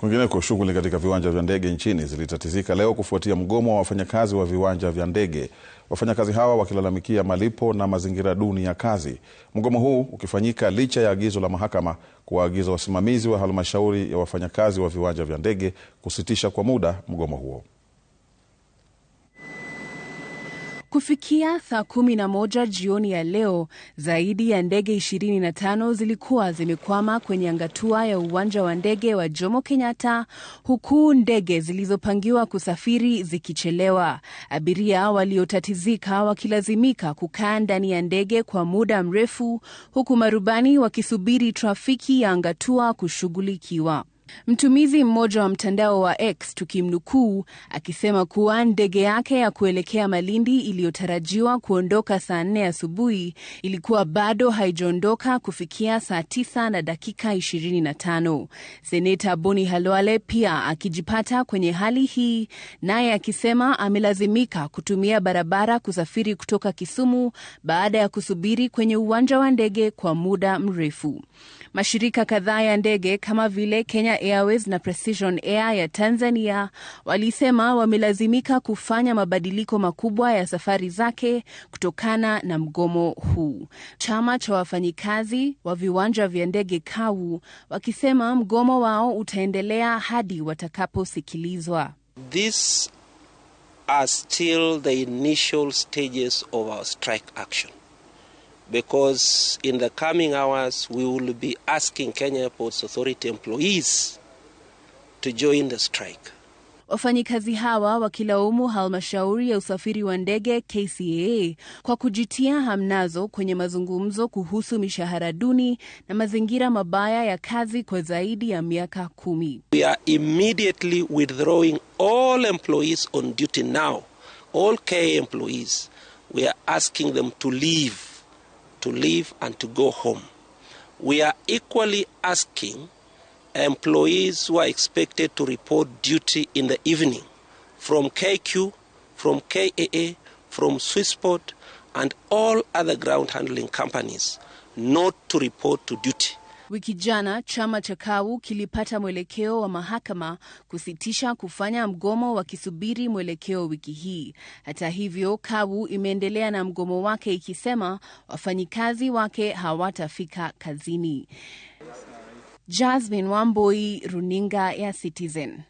Kwingineko, shughuli katika viwanja vya ndege nchini zilitatizika leo kufuatia mgomo wa wafanyakazi wa viwanja vya ndege, wafanyakazi hawa wakilalamikia malipo na mazingira duni ya kazi. Mgomo huu ukifanyika licha ya agizo la mahakama kuwaagiza wasimamizi wa halmashauri ya wafanyakazi wa viwanja vya ndege kusitisha kwa muda mgomo huo. Kufikia saa kumi na moja jioni ya leo, zaidi ya ndege 25 zilikuwa zimekwama kwenye angatua ya uwanja wa ndege wa Jomo Kenyatta, huku ndege zilizopangiwa kusafiri zikichelewa, abiria waliotatizika wakilazimika kukaa ndani ya ndege kwa muda mrefu, huku marubani wakisubiri trafiki ya angatua kushughulikiwa. Mtumizi mmoja wa mtandao wa X tukimnukuu akisema kuwa ndege yake ya kuelekea Malindi iliyotarajiwa kuondoka saa nne asubuhi ilikuwa bado haijaondoka kufikia saa tisa na dakika 25. Seneta Boni Halwale pia akijipata kwenye hali hii, naye akisema amelazimika kutumia barabara kusafiri kutoka Kisumu baada ya kusubiri kwenye uwanja wa ndege kwa muda mrefu. Mashirika kadhaa ya ndege kama vile Kenya Airways na Precision Air ya Tanzania walisema wamelazimika kufanya mabadiliko makubwa ya safari zake kutokana na mgomo huu. Chama cha wafanyikazi wa viwanja vya ndege kau wakisema mgomo wao utaendelea hadi watakaposikilizwa. These are still the initial stages of our strike action because in the coming hours we will be asking Kenya Ports Authority employees to join the strike. Wafanyikazi hawa wakilaumu halmashauri ya usafiri wa ndege KCAA kwa kujitia hamnazo kwenye mazungumzo kuhusu mishahara duni na mazingira mabaya ya kazi kwa zaidi ya miaka kumi. We are immediately withdrawing all employees on duty now. All KA employees. We are asking them to leave to leave and to go home. We are equally asking employees who are expected to report duty in the evening from KQ, from KAA, from Swissport, and all other ground handling companies not to report to duty. Wiki jana chama cha KAU kilipata mwelekeo wa mahakama kusitisha kufanya mgomo wakisubiri mwelekeo wiki hii. Hata hivyo, KAU imeendelea na mgomo wake ikisema wafanyikazi wake hawatafika kazini. Jasmine Wamboi, runinga ya Citizen.